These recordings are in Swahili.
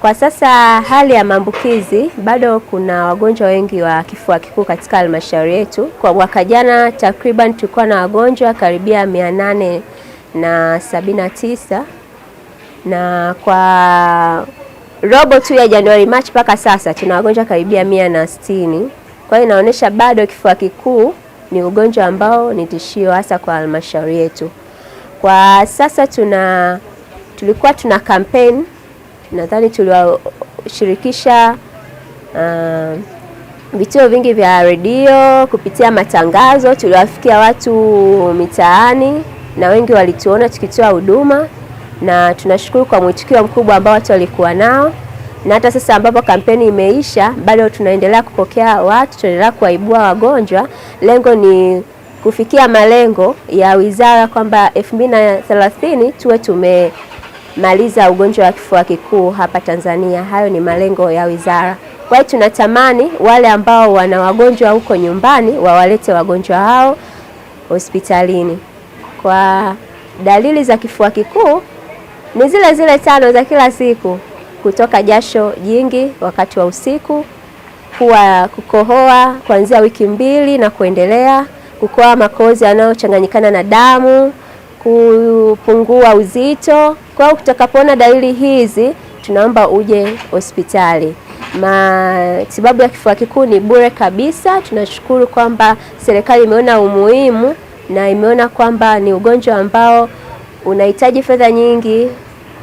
Kwa sasa hali ya maambukizi bado kuna wagonjwa wengi wa kifua kikuu katika halmashauri yetu. Kwa mwaka jana takriban tulikuwa na wagonjwa karibia mia nane na sabini na tisa na kwa robo tu ya Januari Machi mpaka sasa tuna wagonjwa karibia mia na sitini. Kwa hiyo inaonyesha bado kifua kikuu ni ugonjwa ambao ni tishio hasa kwa halmashauri yetu. Kwa sasa tuna tulikuwa tuna kampeni nadhani tuliwashirikisha uh, vituo vingi vya redio kupitia matangazo, tuliwafikia watu mitaani na wengi walituona tukitoa huduma, na tunashukuru kwa mwitikio mkubwa ambao watu walikuwa nao, na hata sasa ambapo kampeni imeisha, bado tunaendelea kupokea watu, tunaendelea kuwaibua wagonjwa. Lengo ni kufikia malengo ya wizara kwamba 2030 tuwe tume kumaliza ugonjwa wa kifua kikuu hapa Tanzania. Hayo ni malengo ya wizara. Kwa hiyo tunatamani wale ambao wana wagonjwa huko nyumbani wawalete wagonjwa hao hospitalini. Kwa dalili za kifua kikuu ni zile zile tano za kila siku: kutoka jasho jingi wakati wa usiku, kuwa kukohoa kuanzia wiki mbili na kuendelea, kukoa makozi yanayochanganyikana na damu kupungua uzito. Kwa hiyo utakapoona dalili hizi, tunaomba uje hospitali. Matibabu ya kifua kikuu ni bure kabisa. Tunashukuru kwamba serikali imeona umuhimu na imeona kwamba ni ugonjwa ambao unahitaji fedha nyingi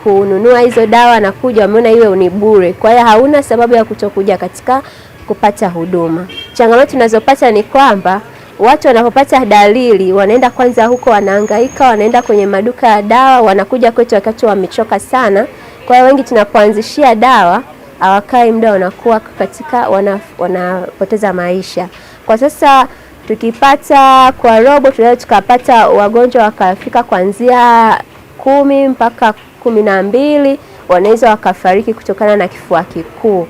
kununua hizo dawa na kuja, wameona iwe ni bure. Kwa hiyo hauna sababu ya kutokuja katika kupata huduma. Changamoto tunazopata ni kwamba watu wanapopata dalili wanaenda kwanza huko, wanahangaika, wanaenda kwenye maduka ya dawa, wanakuja kwetu wakati wamechoka sana. Kwa hiyo wengi tunapoanzishia dawa hawakai muda, wanakuwa katika wanapoteza wana maisha. Kwa sasa tukipata kwa robo, tunaweza tukapata wagonjwa wakafika kuanzia kumi mpaka kumi na mbili wanaweza wakafariki kutokana na kifua kikuu.